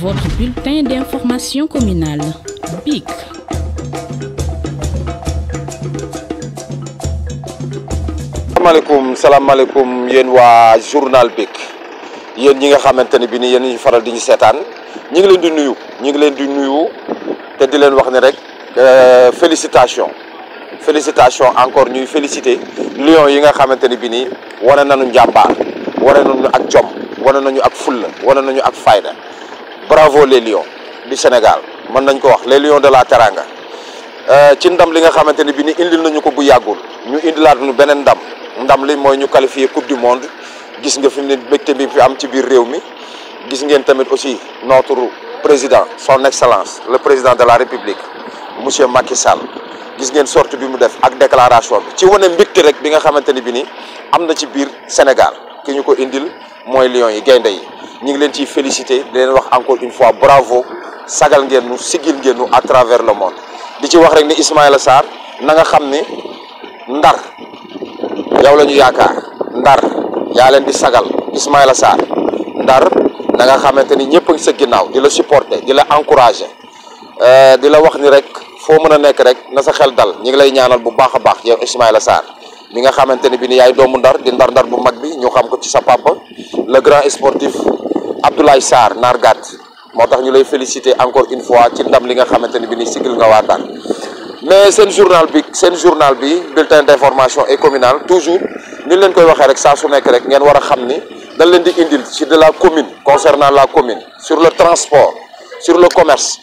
Votre bulletin d'information communale, BIC. salaamaaleykum salam yéen waa journal BIC yéen ñi nga xamante ne bi ni yéen ñu faral di ñu seetaan ñi ngi leen di nuyu ñi ngi leen di nuyu di leen wax rek euh, encore ñuy Féliciter. lion yi nga xamanteni bi ni wane nañu jappar wane nañu ak jom wane nañu ak fulla wane nañu ak fayda bravo les lions du Sénégal mën nañ ko wax les lions de la Teranga euh, ci ndam li nga xamante ne bi ni indil nañu ko bu yàggul ñu indilaat ñu beneen ndam ndam li mooy ñu qualifié coupe du monde gis nga fi mu ne mbégte fi am ci biir réew mi gis ngeen tamit aussi notre président son excellence le président de la république monsieur Macky Sall gis ngeen sorte bi mu def ak déclaration bi ci wane mbégte rek bi nga xamante ne bi ni am na ci biir Sénégal ki ñu ko indil mooy lions yi gaynde yi ñi ngi leen ciy féliciter di leen wax encore une fois bravo sagal ngeen nu sigil ngeen nu à travers le monde di ci wax rek ne Ismaïla Sarr na nga xam ndar yow lañu yaakaar ndar yaa leen di sagal Ismaïla Sarr ndar na nga xamante ni ñëpp sa ginnaaw di la supporter di la encouragé euh, di la wax ni rek foo mën a nekk rek na sa xel dal ñi ngi lay ñaanal bu baax a baax yow Ismaïla Sarr mi nga xamante ni bi ni yaay doomu ndar di ndar ndar bu mag bi ñu xam ko ci sa papa le grand sportif Abdoulaye Sar Nargat motax ñu lay féliciter encore une fois ci ndam li nga xamanteni bi ni sigil nga waataan mais sen journal bi sen journal bi bulletin d'information et communal toujours ni leen koy waxe rek sa su nek rek ngeen wara xamni dañ leen di indil ci de la commune concernant la commune sur le transport sur le commerce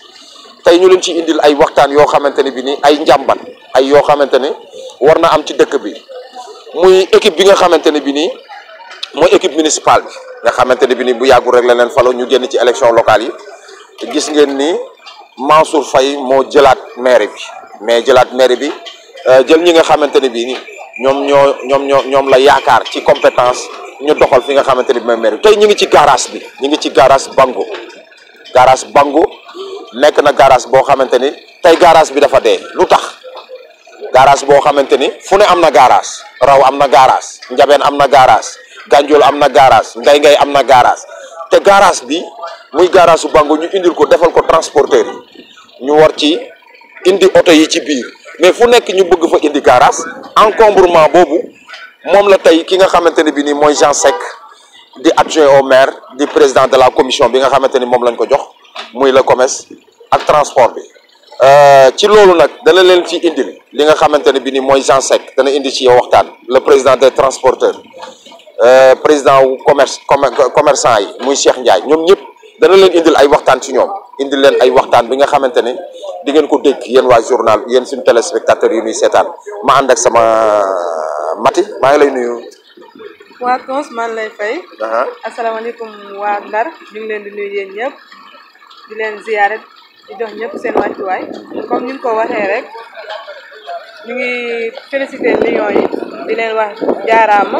tay ñu leen ci indil ay waxtaan yo xamanteni bi ni ay njàmban ay yo xamanteni warna am ci dëkk bi muy équipe bi nga xamanteni bi ni mooy équipe municipale bi nga xamanteni bi ni bu yagu rek la leen falo ñu genn ci élection locale yi te gis ngeen ni Mansour Faye mo jëlat maire bi mais jëlat maire bi euh, jël ñi nga xamanteni bi ni ñom ñom ñom la yaakar ci compétence ñu doxal fi nga xamanteni bi maire tay ñu ngi ci garage bi ñu ngi ci garage Bango garage Bango nek na garage bo xamanteni ni garage bi dafa dé lutax garage bo xamanteni ni fu ne garage raw amna garage njaben amna garage Gandiol am na garage Ngay Ngay am na garage te garage bi muy garage su Bango ñu indil ko defal ko transporteur yi ñu war ci indi oto yi ci biir mais fu nekk ñu bëgg fa indi garage encombrement boobu moom la tey ki nga xamante ne bi nii mooy Jean Seck di adjoint au maire di président de la commission bi nga xamante ni moom lañ ko jox muy le commerce ak transport bi euh, ci loolu nag dana leen fi indil li nga xamante ne bi nii mooy Jean Seck dana indi ci yow waxtaan le président des transporteurs Euh, président wu commerce commerçant yi muy Cheikh Ndiaye ñoom ñëpp dana leen indil ay waxtaan ci ñoom indil leen ay waxtaan bi nga xamante ne di ngeen ko dégg yéen waa journal yéen suñu téléspectateurs yi ñuy seetaan ma ànd ak sama euh, Mati maa ngi lay nuyu. waa Tons maa ngi lay fay. asalaamaaleykum waa Ndar ñu ngi leen di nuyu yéen ñëpp di leen ziyaare di jox ñëpp seen wàccuwaay comme ni nga ko waxee rek ñu ngi félicité Lions yi di leen wax jaaraama.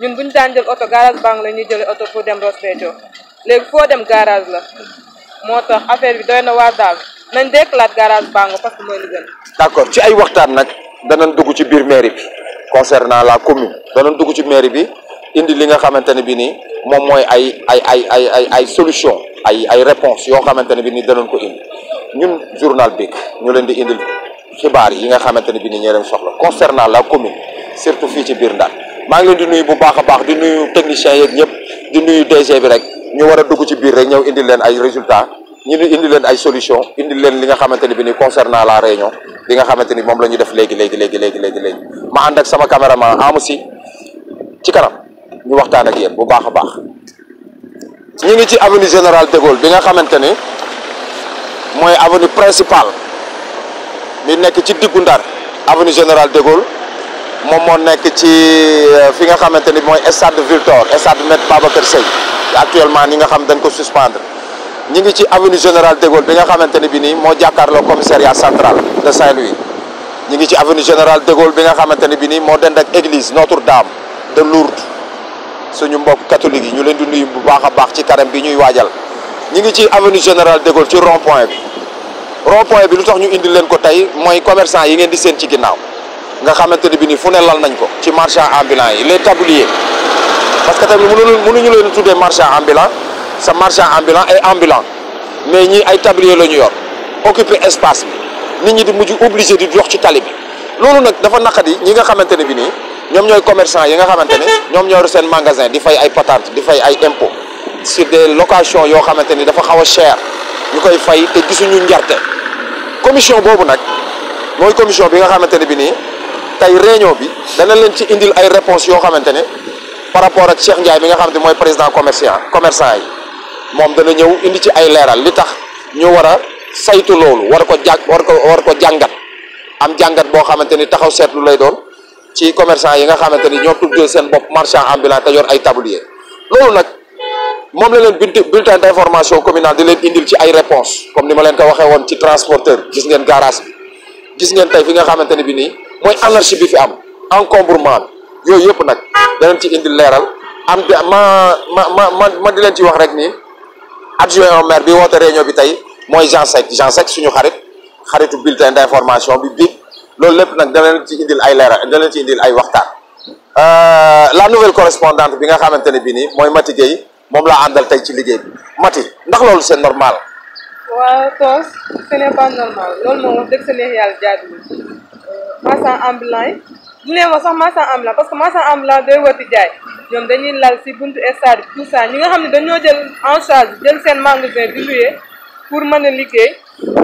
ñun bu ñu daan jël oto garage banque la ñuy jëlee oto pour dem Ross Béthio léegi foo dem garage la moo tax affaire bi doy na waar daal nañ déclarer garage banque parce que mooy li gën. d'accord ci ay waxtaan nag danañ dugg ci biir mairie bi concernant la commune danañ dugg ci mairie bi indi li nga xamante ne bi nii moom mooy ay ay ay ay ay ay solution ay ay réponse yoo xamante ne bi nii danañ ko indi ñun journal bi ñu leen di indil xibaar yi nga xamante ne bi nii ñoo soxla concernant la commune surtout fii ci biir Ndar. maa ngi leen di nuyu bu baax a baax di nuyu techniciens yeeg ñëpp di nuyu DG bi rek ñu war a dugg ci biir rek ñëw indi leen ay résultat ñu indi leen ay solution indi leen li nga xamante ni bi ni concernant la réunion li nga xamante ni moom la ñu def léegi léegi léegi léegi léegi léegi ma ànd ak sama caméraman amu si ci kanam ñu waxtaan ak yéen bu baax a baax ñu ngi ci avenue Général de Gaulle bi nga xamante ni mooy avenue principal mi nekk ci diggu Ndar avenue Général de moom moo nekk ci euh, fi nga xamante ni mooy estade Victor stade Maître Babacar Sèye actuellement ñi nga xam dañ ko suspendre ñi ngi ci avenue Général de Gaulle bi nga xamante ni bi nii moo jàkkaarloo commissariat central de Saint-Louis ñi ngi ci avenue Général de bi nga xamante ni bi nii moo dend ak église Notre-Dame de Lourdes suñu mbokk catholique yi ñu leen di nuyu bu baax a baax ci karam bi ñuy waajal ñi ngi ci avenue Général de ci rond bi rond bi lu tax ñu indi leen ko tey mooy commercant yi ngeen di seen ci ginnaaw nga xamanteni bi ni fu ne lal nañ ko ci marchand ambulant yi les tabliers parce que tamit mënuñu mënuñu leen tuddee marchand ambulant sa marchand ambulant ay ambulant mais ñi ay tablier lañu yor occuper espace bi nit ñi di mujj obligé di dox ci tali bi loolu nak dafa naqadi ñi nga xamanteni ne bi ni ñom ñoy commerçants yi nga xamanteni ñom mhm. ñoom sen magasin di fay ay patente di fay ay impôt sur des locations yo xamanteni dafa xaw cher ñu koy fay te gisuñu njarte commission bobu nak moy commission bi nga xamanteni bi ni tay réunion bi dana len ci indil ay réponse yo xamantene par rapport ak Cheikh ndjay bi nga xam moy président commerçant commerçant yi moom dana ñew indi ci ay leeral li tax ñu wara saytu lolu war ko jàng war ko war ko jangat am jangat bo xamante taxaw set lu lay doon ci commerçant yi nga xamante ni ñoo tuddee seen bopp marchand ambulant ta yor ay tablier lolu nak mom la len bulletin d'information communale di len indil ci ay réponse comme ni ma leen ko waxé won ci transporteur gis ngeen garage gis ngeen tay fi nga xamanteni bi ni Moy anarchie bi fi am encombrement yoy yep nak nag danañ ci indi leral am bi ma ma ma ma di len ci wax rek ni adjoint au maire bi woote réunion bi tay moy Jean sec Jean sec suñu xarit xaritu bulletin d'information bi bi lolou lepp nak dana len ci indi ay leeral dana len ci indi ay waxtaan euh, la nouvelle correspondante bi nga xamante ne ni moy Mati Gueye mom la àndal tey ci liguey bi Mati ndax lolou c'est normal. waaw toos ce n'est pas normal lolou mo wax dëgg sa neex yàlla jaaduwul marchand ambulant yi du nee ma sax marchand ambulant parce que marchand ambulant day wati jaay ñoom dañuy lal si buntu stade tout ça ñi nga xam ne dañoo jël en charge jël seen magasin di louer pour man a liggéey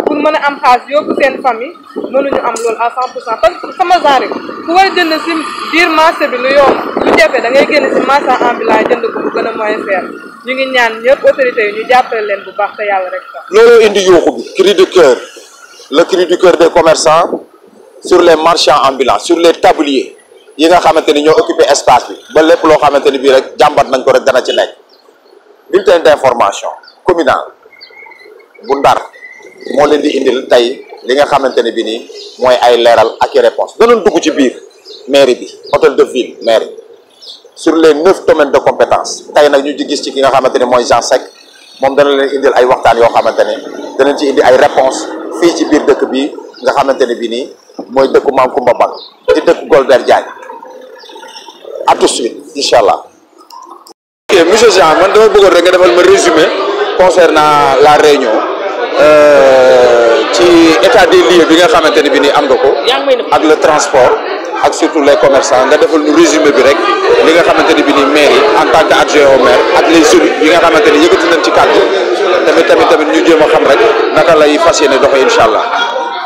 pour mën a am xaalis yóbbu seen famille mënuñu am loolu à cent pour cent parce que sama genre ku war a jënd si biir marché bi lu yomb lu jafe da ngay génn si marchand ambulant jënd bu gën a moyen cher ñu ngi ñaan ñëpp autorités yi ñu jàppale leen bu baax te yàlla rek sax. loolu indi yuuxu bi sur les marchands ambulants sur les tabliers yi nga xamante ni ñoo occupé espace bi ba lépp loo xamante ni bii rek jàmbat nañ ko rek dana ci nekk bulletin d'information communal Bundar, ndar moo leen di indil tey li nga xamante bi nii mooy ay leral ak i réponse danañ dugg ci biir mairie bi hôtel de ville mairie sur les neuf domaines de compétence tay nak ñu ci gis ci ki nga xamanteni moy Jean Sec mom da dana leen indil ay waxtaan yo xamanteni ne danañ ci indi ay réponse fi ci biir dëkk bi nga xamanteni bi ni moy dekk mam kumba bal di dekk golbert diagne a tout suite inshallah okay, monsieur jean man dama bëggoon rek nga defal ma résumé concernant la réunion euh, ci état des lieux bi nga xamanteni bi ni am nga ko ak le transport ak surtout les commerçants nga defal ñu résumé bi rek li nga xamanteni bi ni mairie en tant qu'adjoint au maire ak les élus bi nga xamanteni yëkëti nañ ci cadre tamit tamit tamit ñu jëma xam rek naka lay fassiyene doxé inshallah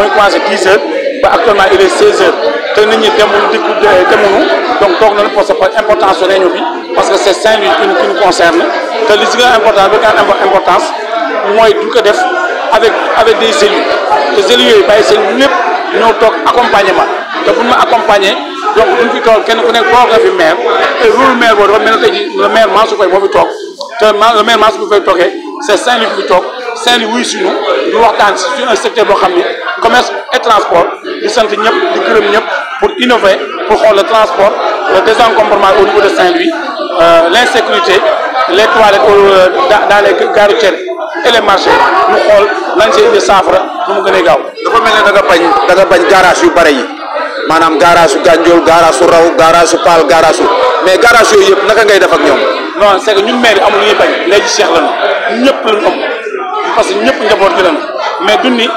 booy commencé 10 heures ba actuellement il est 16 heures te nit ñi demul dikku euh, demunu donc tok na pour sa importance réunion bi parce que c'est est Saint-Louis qui nous concerne te li si gën important bi gën importance mooy duñ ko def avec avec des élus les élus yooyu bàyyi seen lépp ñëw toog accompagnement te bu ma accompagner donc duñ fi tok kenn ku nekk ko nga fi maire et rôle maire boobu dafa mel ne le maire Mansour Faye moo fi toog te le maire Mansour Faye toogee c' est Saint-Louis bi fi Saint-Louis wuy nous ñu waxtaan un secteur de xam commerce et transport di sant ñëpp di gërëm pour innover pour xool le transport le désencombrement au niveau de Saint-Louis euh, l'insécurité les toilettes euh, dans les gares et les marchés Nous xool lañ ci indi nous nu mu gën a gaaw. dafa mel bañ bañ garage yu bare madame, maanaam garage su Gandiol garage Pal, Raw garage garage mais garage yooyu yëpp naka ngay def ak ñoom. non c'est que ñun maire yi amul ñuy bañ léegi Cheikh la ñu la parce que ñëpp njaboot gi la mais du ni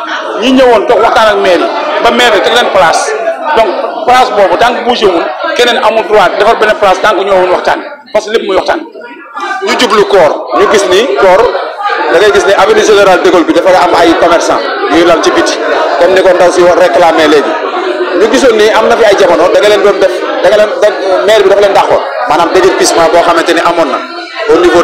ñi ñëwoon toog waxtaan ak maire ba maire teg leen place donc place boobu tant que bougé wul keneen amul droit defar benn place tant ñëwoon waxtaan parce que lépp muy waxtaan. ñu jublu koor ñu gis ni koor da gis ni avenue général de bi dafa am ay commerçant yuy lal ci biti comme ni ko ndaw si war réclamé léegi ñu gisoon ni am na fi ay jamono da leen doon def da nga leen maire bi dafa leen dàqoon maanaam déguerpissement boo xamante ni amoon na au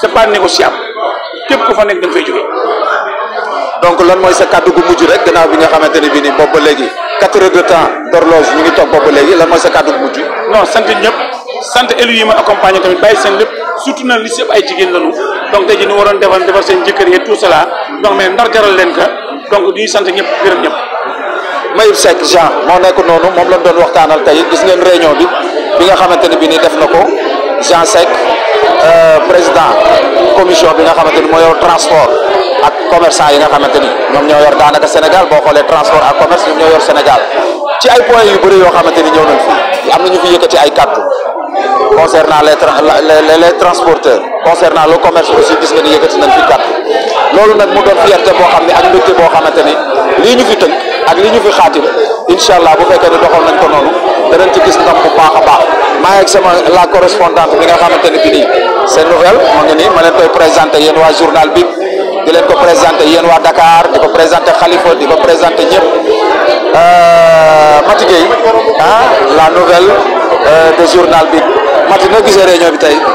c'est pas négociable képp ku fa nekk dañ fay jógee. donc lan mooy sa kàddu gu mujj rek gannaaw bi nga xamante ne bii nii boobu léegi quatre heures de temps d'horloge ñu ngi toog boobu ba léegi lan mooy sa kàddu gu mujj. non sant ñëpp sant élu yi ma accompagné tamit bàyyi seen lépp surtout na li si ay jigéen lañu donc tey jii ñu waroon defar defar seen jëkkër yi tout cela donc mais ndar jaral leen ka donc ñuy sant ñëpp gërëm ñëpp. Mayib Seck Jean moo nekk noonu moom lañ doon waxtaanal tey gis ngeen réunion bi bi nga xamante ne bii nii def na ko Jean Seck. Euh, président commission bi nga xamante ni moo yor transport ak commerçant yi nga xamante ni ñoom ñoo yor daanaka Sénégal boo xoolee transport ak commerce ñoom ñoo yor Sénégal ci ay points yu bëri yoo xamante ni ñëw nañ fi am nañu fi yëkkati ay kàddu concernant les les le commerce aussi gis nga ni yëkkati fi kàddu loolu nag mu doon fierté boo xam ne ak mbégte boo xamante lii ñu fi tënk ak lii ñu fi xaatim incha allah bu fekkee ne doxal nañ ko noonu danañ ci gis ndam bu baax a baax maa ngi sama la correspondante bi nga xamante ne bi nii c'est nouvelle moo ngi nii ma leen koy présenté yéen waa journal bi di leen ko présenté yéen waa dakaar di ko présenté Khalifa di ko présenté ñëpp euh, Mati Gueye ah, la nouvelle euh, de journal bi Mati noo gisee réunion bi tey. Ah,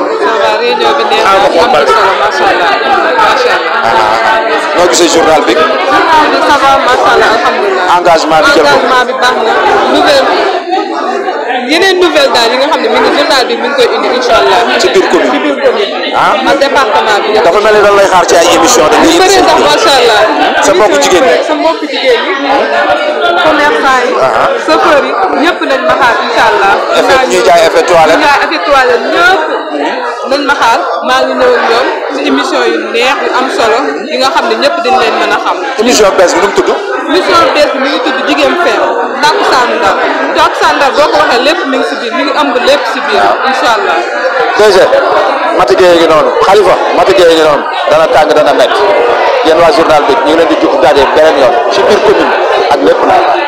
réunion bi neex na noo gisee journal bi. journal bi ça va macha allah alhamdulilah. engagement bi jël ko engagement bi baax na nouvelle yeneen nouvelle daal yi nga xam ne mi ngi journal bi mi ngi koy indi incha allah. ci biir commune ci biir commune. ah ak département bi. dafa mel ni lan lay xaar ci ay émission dañuy indi seen kii macha allah. sa mbokku jigéen ñi sa mbokku jigéen ñi. commerçant yi. Ah, ah. chauffeur yi ñëpp nañ ma xaar incha allah. effet ñuy jaay effet toilette ñuy jaay effet toilette. maa ngi ñëw ak ci émission yu neex yu am solo yi xam ne ñëpp dañ leen mën a xam. émission bees bi tudd. émission bees bi ngi tudd Jigéen Feeñ Takkusaanu Ndar Takkusaanu Ndar boo ko waxee lépp mi ngi biir mi ngi ëmb lépp ci biir incha allah. DG Mati Gueye ngi noonu Khalifa Mati Gueye ngi noonu dana tàng dana métti yéen waa journal bi ñu ngi leen di jox daje beneen yoon ci biir commune ak lépp nag.